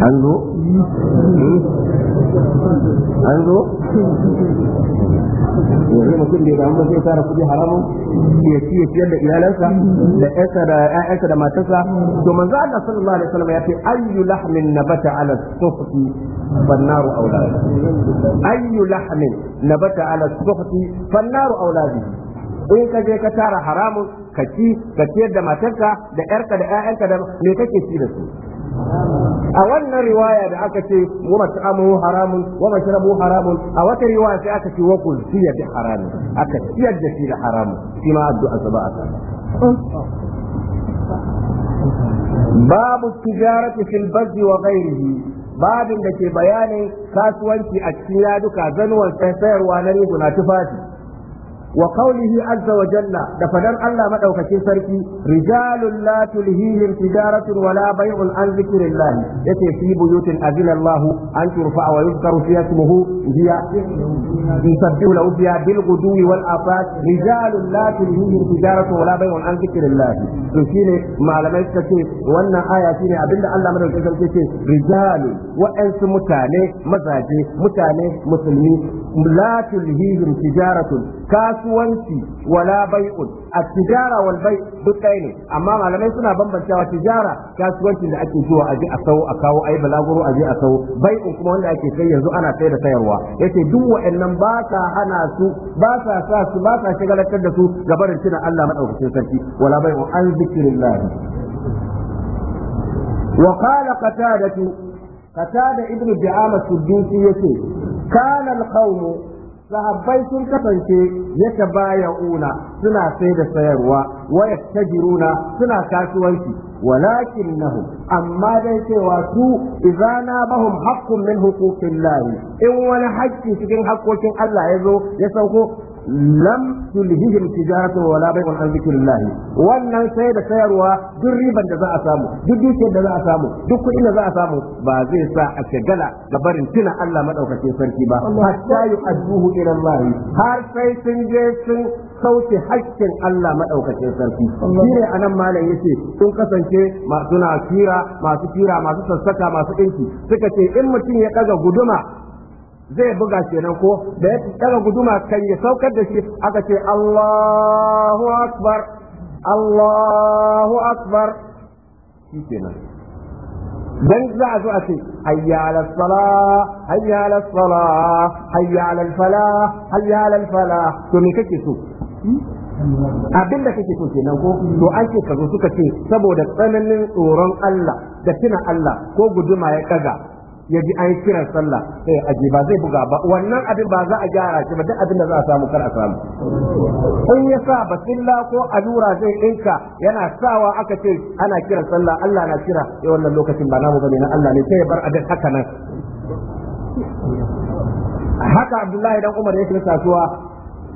an zo hmm? yanzu mutum bai damu ba zai tara kuɗi haramun ya ci ya ciyar da iyalansa da ƴansa da ƴaƴansa da matarsa to manzo Allah sallallahu alaihi wasallam ya ce ayyu lahmin nabata ala suhti fannaru auladi ayyu lahmin nabata ala suhti fannaru auladi in ka je ka tara haramun ka ci ka ciyar da matarka da ƴarka da ƴaƴanka da me kake ci da su a wannan riwaya da aka ce wa mat'amu haramun wa mashrabu haramun a wata riwaya sai aka ce wa kul siya bi haramun aka siyar da shi da haramun shi ma addu'a sa ba babu tijarati fil bazi wa ghairihi babin da ke bayanin kasuwanci a cikin yaduka zanuwan sayarwa na riguna tufafi وقوله عز وجل دفدر الله مدوكاكي سركي رجال لا تلهيهم تجارة ولا بيع عن ذكر الله يتي في بيوت أذن الله أن ترفع ويذكر فيها اسمه هي يسبح له فيها بالغدو والآفات رجال لا تلهيهم تجارة ولا بيع عن ذكر الله تشيني ما لم يستكي وأن آية شيني أبن الله مدوكاكي سركي رجال وأنس متاني مزاجي متاني مسلمين لا تلهيهم تجارة كاس kasuwanci wala bai'un at-tijara wal bai duk ne amma malamai suna bambancewa tijara kasuwancin da ake zuwa aje a sau a kawo ai balaguro aje a sau bai'un kuma wanda ake kai yanzu ana sai da sayarwa yace duk wa'annan ba sa hana su ba sa sa su ba sa shigalar da su gabarin cin Allah madaukakin sarki wala bai'un an zikrillah وقال qatada ibnu ابن دعامة yace يقول كان القوم sahabbai sun kasance yake baya una suna sai da sayarwa wa yattajiruna suna kasuwanci walakin nahu. amma dai cewa su izana bahum haqqun min lari, in wani haƙƙi cikin haƙƙokin Allah ya zo ya sauko lam tulhihim tijaratu wala an wannan sai da sayarwa duk riban da za a samu duk dukiyar da za a samu duk kuɗin da za a samu ba zai sa a shagala ga barin tuna Allah madaukake sarki ba hatta yu'adduhu ila Allah har sai sun je sun sauke hakkin Allah madaukakin sarki shine anan malam yace sun kasance masu na masu kira masu sassaka masu dinki suka ce in mutum ya daga guduma zai buga kenan ko da ya daga guduma kan ya saukar da shi aka ce Allahu akbar Allahu akbar shi kenan dan za a zo a ce hayya ala salah hayya ala salah hayya ala falah hayya ala falah to me kake so abin da kake so kenan ko to an ce ka zo suka ce saboda tsananin tsoron Allah da tuna Allah ko guduma ya kaga ya ji an kiran sallah sai ya aje ba zai buga ba wannan abin ba za a gyara shi ba duk abin da za a samu kar a samu in ya sa basilla ko alura zai dinka yana sawa aka ce ana kiran sallah Allah na kira ya wannan lokacin ba namu bane na Allah ne sai ya bar abin haka nan haka Abdullahi dan Umar ya shiga kasuwa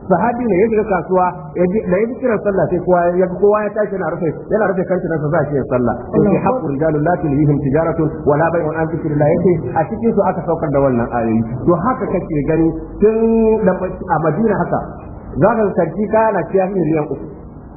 sahabi ne ya shiga kasuwa da ya ji kiran sallah sai kowa ya kowa ya tashi yana rufe yana rufe kanta na za shi sallah yake haqqu rijalun la tulhihim tijaratu wa la bai'un an zikrillah yake a cikin su aka saukar da wannan ayoyi to haka kake gani tun a Madina haka za sarki kana na miliyan uku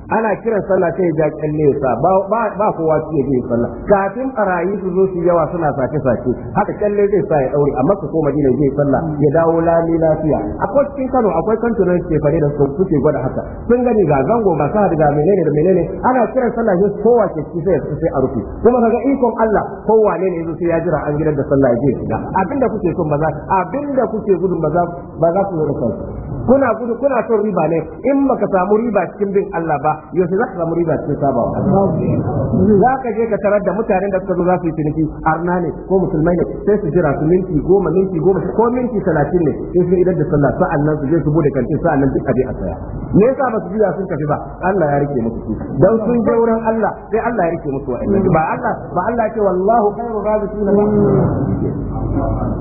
ana kiran sallah sai ja kalle ya sa ba ba kowa su yi sallah kafin barayi su zo su yawa suna sace sace haka kalle zai sa ya daure amma su ko madina zai sallah ya dawo lami lafiya akwai cikin Kano akwai kantunan ke fare da su ke gwada haka sun gani ga zango ba sa daga menene da menene ana kiran sallah sai kowa ke ci sai sai a rufe kuma kaga ikon Allah kowa ne ne sai ya jira an gidan da sallah ya je shiga abinda kuke son ba za abinda kuke gudun ba za ba zo da kuna gudu kuna son riba ne in baka samu riba cikin bin Allah ba yaushe za ka samu riba cikin sabawa za ka je ka tarar da mutanen da suka zo za su yi ciniki arna ne ko musulmai ne sai su jira su minti goma minti goma ko minti talatin ne sai su idan da sallah sa'an nan su je su bude kantin sa'an nan duk aje a saya me yasa ba su jira sun tafi ba Allah ya rike musu su dan sun je wurin Allah sai Allah ya rike musu wa'annan ba Allah ba Allah ya ce wallahu khairu raziqina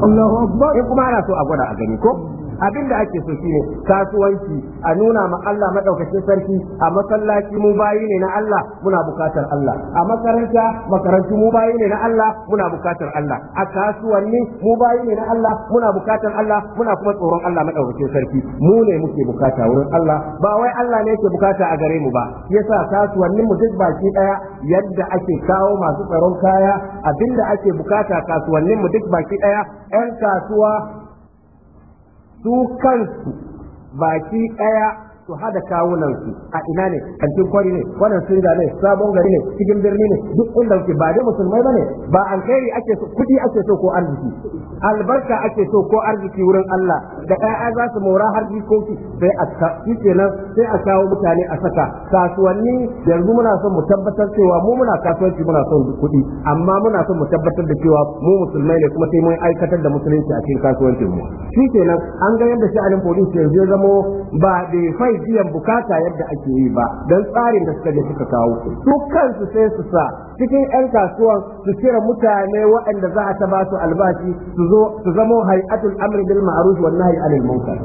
Allahu akbar in kuma ana so a gwada a gani ko abin da ake so shine kasuwanci a nuna ma Allah madaukakin sarki a masallaci mu bayi ne na Allah muna bukatar Allah a makaranta makarantu mu bayi ne na Allah muna bukatar Allah a kasuwanni mu bayi ne na Allah muna bukatar Allah muna kuma tsoron Allah madaukakin sarki mu ne muke bukata wurin Allah ba wai Allah ne yake bukata a gare mu ba yasa kasuwannin mu duk baki daya yadda ake kawo masu tsaron kaya abinda ake bukata kasuwannin mu duk baki daya 'yan kasuwa su baki ɗaya su hada kawunan su a ina ne kantin kwari ne wannan singa ne sabon gari ne cikin birni ne duk inda kuke ba dai musulmai ne ba kai ake so kudi ake so ko arziki albarka ake so ko arziki wurin Allah da ƴaƴa za su mora har jikoki sai a kenan sai a kawo mutane a saka kasuwanni yanzu muna son mu tabbatar cewa mu muna kasuwanci muna son kudi amma muna son mu tabbatar da cewa mu musulmai ne kuma sai mun aikatar da musulunci a cikin kasuwancin mu kenan an ga yadda sha'anin police yanzu ya zamo ba da fai kawai biyan bukata yadda ake yi ba don tsarin da suka je suka kawo dukkansu sai su sa cikin 'yan kasuwan su cire mutane waɗanda za a ta ba su albashi su zo su zamo hay'atul amri bil ma'ruf wa nahyi anil munkar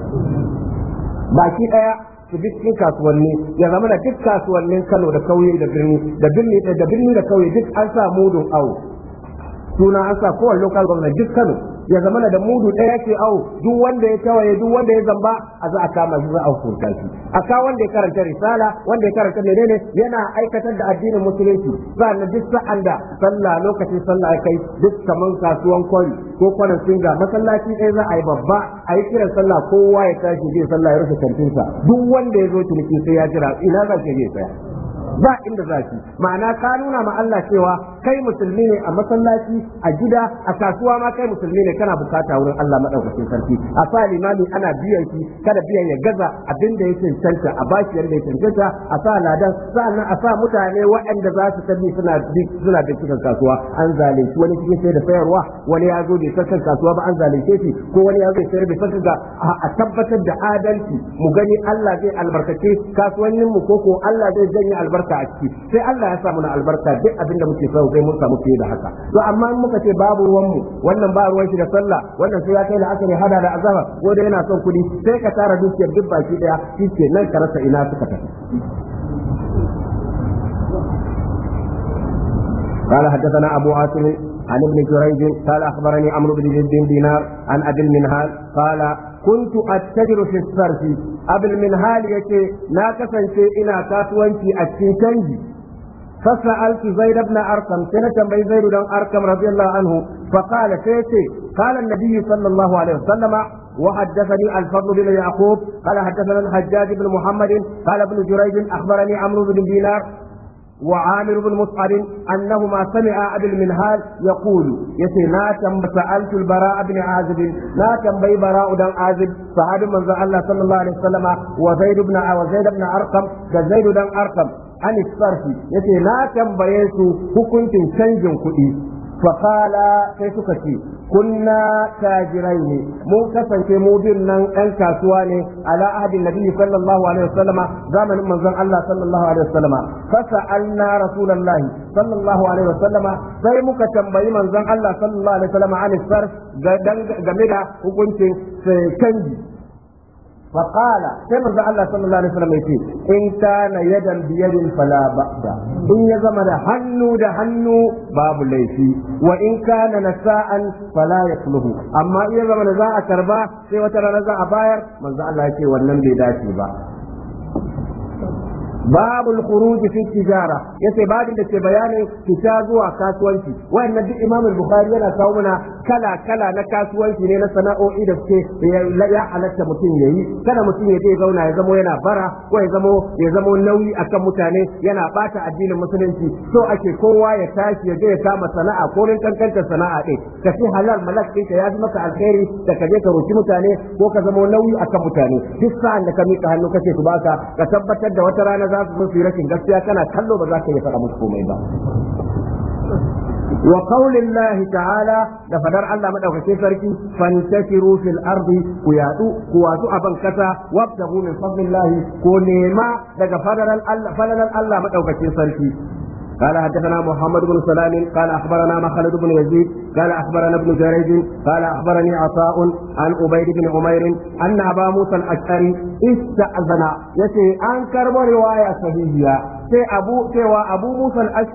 baki daya su bi cikin kasuwanni ya zama da duk kasuwannin Kano da kauye da birni da birni da birni da kauye duk an sa mudun awo suna an sa kowane local government duk Kano ya zama da mudu ɗaya ce au duk wanda ya tawaye duk wanda ya zamba a za a kama shi za a hukunta shi a ka wanda ya karanta risala wanda ya karanta menene yana aikatar da addinin musulunci Za na duk sa'an da sallah lokacin sallah ya kai duk kaman kasuwan kwari ko kwanan singa masallaci ɗaya za a yi babba a yi kiran sallah kowa ya tashi zai sallah ya rufe kantinsa duk wanda ya zo ciniki sai ya jira ina za shi zai tsaya ba inda za shi ma'ana ka nuna ma Allah cewa kai musulmi ne a masallaci a gida a kasuwa ma kai musulmi ne kana bukata wurin Allah madaukakin sarki a sa limami ana biyan shi kada biyan ya gaza abin da ya cancanta a bashi yadda ya cancanta a sa ladan sa'annan a sa mutane waɗanda za su tabi suna suna bincikan kasuwa an zalunci wani cikin sai da sayarwa wani ya zo bai san kasuwa ba an zalunce shi ko wani ya zo sayar bai san ga a tabbatar da adalci mu gani Allah zai albarkace kasuwannin mu ko ko Allah zai janye albarka a ciki sai Allah ya sa mana albarka duk abin da muke so sai mun samu fiye da haka to amma in muka ce babu ruwan mu wannan ba ruwan shi da sallah wannan sai ya kai la'akari hada da azaba ko da yana son kuɗi sai ka tara dukiyar duk baki daya shi nan ka rasa ina suka tafi قال حدثنا أبو عاصم عن ابن جريج قال أخبرني عمرو بن جد دينار عن أبي المنهال قال كنت أتجر في الصرف أبي المنهال يتي لا كسن كاتوانتي أتشنجي فسألت زيد بن أركم سنة بين زيد بن أركم رضي الله عنه فقال سيتي قال النبي صلى الله عليه وسلم وحدثني الفضل بن يعقوب قال حدثنا الحجاج بن محمد قال ابن جريج أخبرني عمرو بن دينار وعامر بن مصعب أنهما سمع أبي المنهال يقول يتنا سألت البراء بن عازب لا تنبي براء بن عازب صحابي من الله صلى الله عليه وسلم وزيد بن وزيد بن أرقم كزيد بن أرقم عن الصرف يتي لا تنبي حكم تنشنج كئي faƙala sai suka ce kunna tajirai ne mu kasance mu bin nan ɗan kasuwa ne ala ahadin nabi sallallahu alaihi wasallam zamanin manzon Allah sallallahu alaihi wasallam fasa'alna rasulullahi sallallahu alaihi wasallam sai muka tambayi manzon Allah sallallahu alaihi wasallam an sar game da hukuncin eh, canji فقال كما الله صلى الله عليه وسلم يتي إن كان يدا بيد فلا بأس إن يزمن حنو ده حنو باب ليسي وإن كان نساء فلا يطلب أما إن يزمن ذا أكربا سي وترى ذا أباير من ذا الله يتي ونن بيداتي با babul khuruj fi tijara yace babin da ke bayanin fita zuwa kasuwanci wayannan duk imam Buhari yana kawo mana kala kala na kasuwanci ne na sana'o'i da suke ya halatta mutum yayi kada mutum ya je zauna ya zamo yana bara ko ya zamo ya zamo nauyi akan mutane yana ɓata addinin musulunci so ake kowa ya tashi ya je ya kama sana'a ko rin kankanta sana'a din ka ci halal malak din ka maka alkhairi da ka je ka roki mutane ko ka zamo nauyi a kan mutane duk sa'an da ka mika hannu kace su baka ka tabbatar da wata ranar. za su zo su rashin gaskiya kana kallo ba za ka yi faɗa musu komai ba wa lahi ta'ala da fadar Allah maɗaukacin sarki fantashiru rufin arzi ku yadu ku wasu ban kasa wabtagu min ko nema daga fadaran Allah fadaran Allah sarki قال حدثنا محمد بن سلام قال اخبرنا مخلد بن يزيد قال اخبرنا ابن جريج قال اخبرني عطاء عن عبيد بن عمير ان ابا موسى الاشعري استاذن يتي ان روايه صحيحه sai abu cewa abu musa al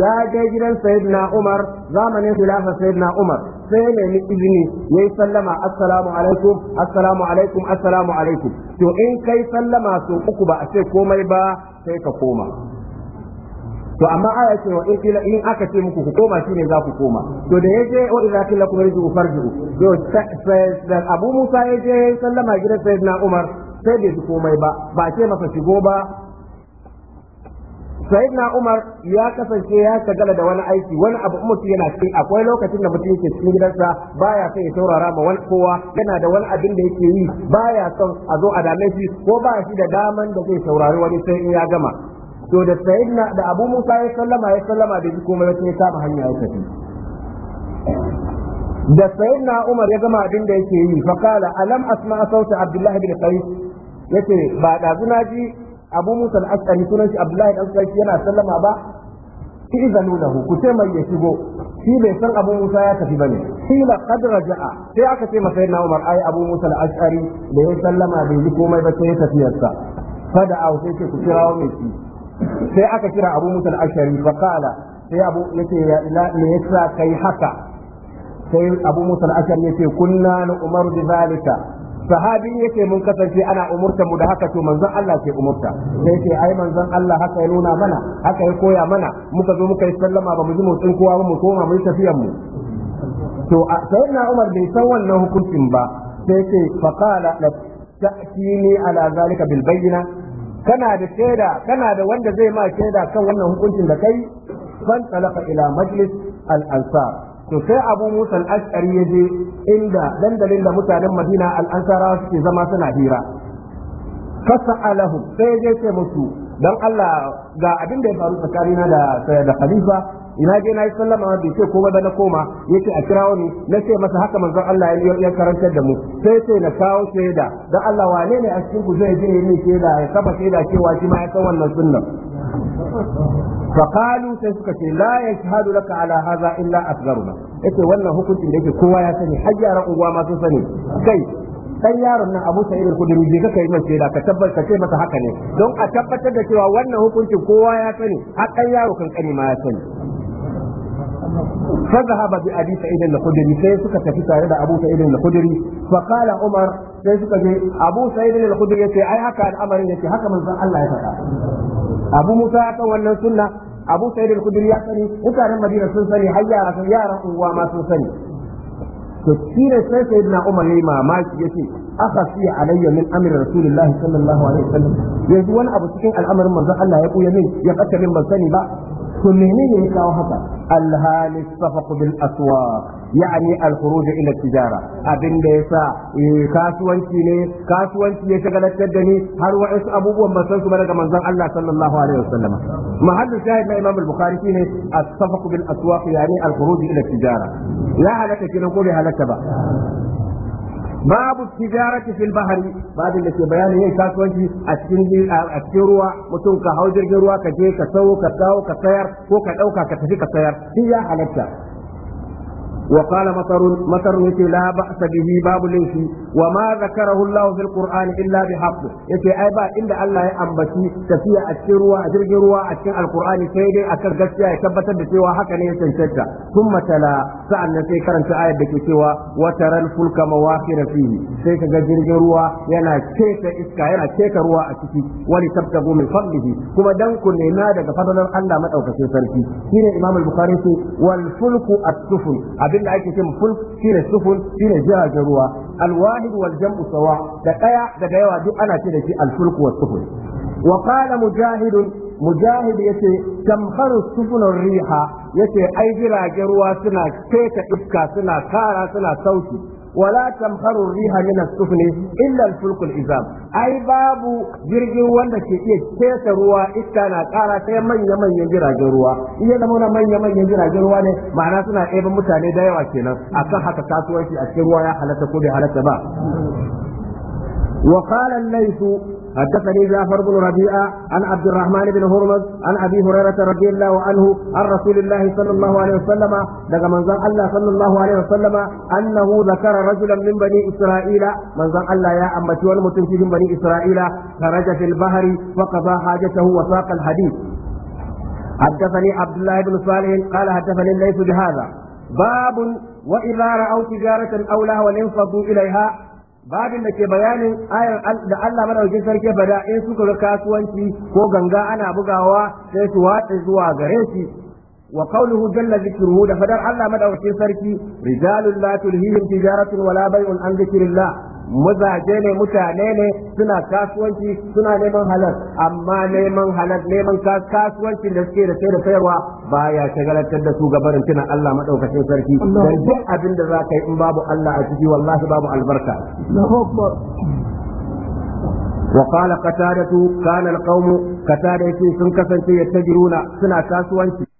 ya je gidan sayyidina umar zamanin khilafa sayyidina umar sai nemi izini ya sallama assalamu alaikum assalamu alaikum assalamu alaikum to in kai sallama so uku ba a ce komai ba sai ka koma to amma aya ce wa in kila in aka ce muku ku koma shine za ku koma to da yaje wa idza kila ku riju farju to da Abu Musa yaje sallama gidan Sayyidina Umar sai bai komai ba ba ce masa shigo ba Sayyidina Umar ya kasance ya shagala da wani aiki wani abu mutum yana cikin akwai lokacin da mutum yake cikin gidansa baya son ya saurara ma wani kowa yana da wani abin da yake yi baya son a zo a dame shi ko ba shi da daman da zai saurari wani sai in ya gama to da sayyidina da abu musa ya sallama ya sallama da jiko komai ba sai ya kama hanya ya tafi da sayyidina umar ya gama abin da yake yi fa alam asma sauta abdullahi bin qais yace ba da na ji abu musa al-asqari sunan shi abdullahi dan qais yana sallama ba izanunahu ku ce mai ya shigo shi bai san abu musa ya tafi bane kila qad raja'a sai aka ce masa na umar ai abu musa al-ashari da ya sallama bai ji komai ba sai ya tafi yarsa fada au sai ce ku kirawo mai shi sai aka kira abu musa al-ashari sai abu ya ila me yasa kai haka sai abu musa al-ashari yace kunna na umaru bi zalika sahabi yace mun kasance ana umurta mu da haka to manzon Allah ke umurta sai yace ai manzon Allah haka ya nuna mana haka ya koya mana muka zo muka yi sallama ba mu ji motsin kowa ba mu koma mu yi tafiyar mu to sayyidina Umar bai san wannan hukuncin ba sai yace fa qala la ta'tini ala zalika bil bayyina kana da shaida kana da wanda zai ma shaida kan wannan hukuncin da kai fan talaka ila majlis al ansar to sai abu musa al ashari je inda dandalin da mutanen madina al rawa suke zama suna hira fasa'alahum sai je ce musu dan Allah ga abin da ya faru tsakanina da da khalifa ina je nayi sallama bai sai ko ba na koma yace a kirawo ni na ce masa haka manzon Allah ya ya karantar da mu sai sai na kawo shaida dan Allah wane ne a cikin ku zai je ni shaida ya kafa shaida cewa shi ma ya san wannan sunna suka ce لا يشهد لك على هذا الا اصغرنا yace wannan hukuncin da yake kowa ya sani har yaran uwa ma sun sani kai dan yaron nan Abu Sa'id al-Khudri je kai mai shaida ka tabbata ce masa haka ne don a tabbatar da cewa wannan hukuncin kowa ya sani har dan yaro kan kani ma ya sani fa zahaba bi abi sa'id al-khudri sai suka tafi tare da abu sa'id al-khudri fa umar sai suka je abu sa'id al-khudri yace ai haka al'amarin yace haka manzon Allah ya faɗa abu musa ya kan wannan sunna abu sa'id al-khudri ya sani mutanen madina sun sani har yara sun yara uwa ma sun sani to shine sai sayyidina umar yayi mamaki yace aka siya alayya min amri sallallahu alaihi wasallam yanzu wani abu cikin al'amarin manzon Allah ya buya min ya kace min ban sani ba to menene ya kawo haka alhali safaq bil aswaq yani al khuruj ila tijara abin da yasa eh, kasuwanci ne kasuwanci ya shagalatar da ni har wa'is abubuwan ba san su ba daga manzon Allah sallallahu alaihi wasallam mahallu shahid na imam al-bukhari shine as-safaq bil aswaq yani al khuruj ila tijara ya halaka kina ko bai halaka ba babu tijarati fil bahri babin da ke bayanin yin kasuwanci a cikin a cikin ruwa mutum ka hau jirgin ruwa ka je ka sau ka kawo ka sayar ko ka dauka ka tafi ka sayar shi ya halatta وقال مطر مطر يتي لا بأس به باب ليسي وما ذكره الله في القرآن إلا بحق يتي أي با إن الله يأمبتي تفيا أتشروا أترجروا أتشر القرآن سيدي أكر قسيا يثبت بسيوا حكا نيسن شتا ثم تلا سأل نسي كرن آية بكسيوا وترى الفلك مواخر فيه سيكا جرجروا ينا كيسا إسكا ينا كيكا روا أتشي ولتبتغوا من فضله كما دنكو نينا دك فضل الله مدعو كسيسا فيه هنا إمام البخاري والفلك السفن abin da ake cewa ful shine sufun shine jiragen ruwa alwahid wal jam'u sawa da daya daga yawa duk ana ce da shi alfulku was sufun wa qala mujahid mujahid yace tamharu sufun riha yace ai jiragen ruwa suna keta iska suna kara suna sauti ولا تمخر الريح من السفن إلا الفلك الإزام أي babu jirgin da ke iya kesa ruwa ita na kara sai manya manyan jiragen ruwa in ya zama manya jiragen ruwa ne ma'ana suna ɗaya mutane da yawa kenan akan haka kasuwanci a cikin ruwa ya halatta ko bai halatta ba wa qala al حدثني جعفر بن ربيعة عن عبد الرحمن بن هرمز عن أبي هريرة رضي الله عنه عن رسول الله صلى الله عليه وسلم من زال الله صلى الله عليه وسلم أنه ذكر رجلا من بني إسرائيل زال الله يا أمتي والمتن من بني إسرائيل خرج في البحر وقضى حاجته وساق الحديث حدثني عبد الله بن صالح قال حدثني ليس بهذا باب وإذا رأوا تجارة أولى ولنفضوا إليها babin da ke bayanin ayar da Allah madaukakin sarki fada in suka ga kasuwanci ko ganga ana bugawa sai su watsa zuwa gare shi wa qawluhu jalla dhikruhu da fadar Allah madaukakin sarki rijalul la tulhihim tijaratun wala bay'un an dhikrillah mazaje ne mutane ne suna kasuwanci suna neman halal amma neman halal neman kasuwanci da suke da sai da sayarwa baya shagalatar da su gabarin tuna Allah maɗaukacin sarki dan duk abin da za ka yi in babu Allah a ciki wallahi babu albarka وقال قتادة كان القوم قتادة سن كسن يتجرون سنا كاسوانتي